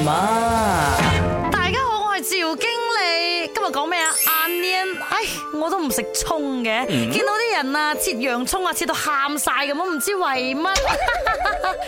媽，媽大家好，我係趙經理，今日講咩啊？onion，唉，我都唔食葱嘅，嗯、見到啲人啊，切洋葱啊，切到喊晒咁，我唔知為乜。